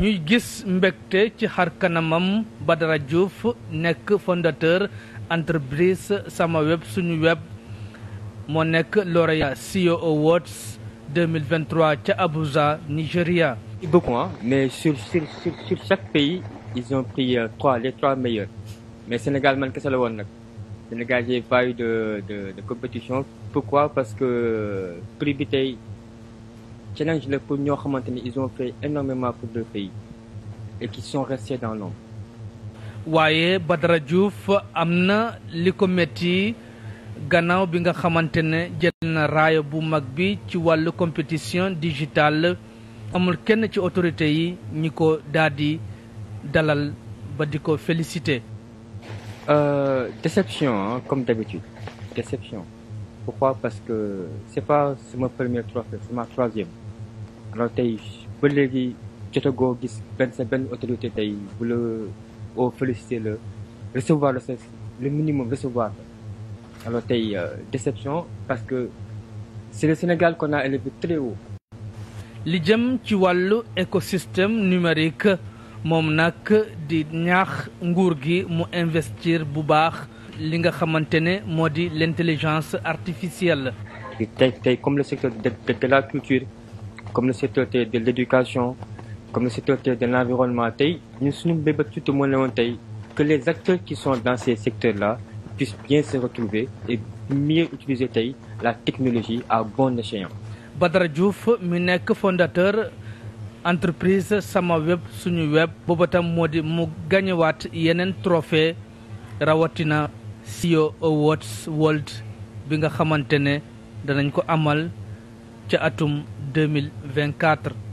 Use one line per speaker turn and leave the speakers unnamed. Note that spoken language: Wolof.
ñuy gis mbégte ci xar kanamam Badara Diouf nekk fondateur entreprise sama web suñu web moo nekk lauréat
CEO Awards 2023 ca Abuja Nigeria. beaucoup hein, mais sur sur sur sur chaque pays ils ont pris euh, trois les trois meilleurs mais Sénégal man kese la woon nag Sénégal j'ai pas de de de compétition pourquoi parce que euh, prix bi tey challenge la pour ñoo xamante ni ils ont fait le pays et qui sont
waaye Badara Diouf am na li ko métti gannaaw bi nga xamante ne jël na raaya bu mag bi ci wàllu compétition digitale amul kenn ci autorité yi ñi ko daal di dalal ba di ko féliciter.
Euh, déception comme d'habitude déception. Pourquoi Parce que c'est pas sama premier trophée c'est ma troisième alors tey ba léegi jotagoo gis benn sa benn autorité tey bu la oo félicité la recevoir la sa le minimum recevoir la alors tey euh, déception parce que c'est le Sénégal qu'on a élevé très haut. li jëm ci wàllu écosystème
numérique moom nag di ñaax nguur gi mu investir bu baax. li nga xamante ne moo di l' intelligence artificielle.
tey tey comme le secteur de, de, la culture comme le secteur de, de l' éducation comme le secteur de l' environnement tey ñun suñu bébét surtout moo ne woon tey que les acteurs qui sont dans ces secteurs là puissent bien se retrouver et mieux utiliser tey la technologie à bon escient.
Badara Diouf mi nekk fondateur. entreprise sama web suñu web booba moo di mu gañewaat yeneen trophée rawatina CEO Awards World bi nga xamante ne danañ ko amal ca atum 2024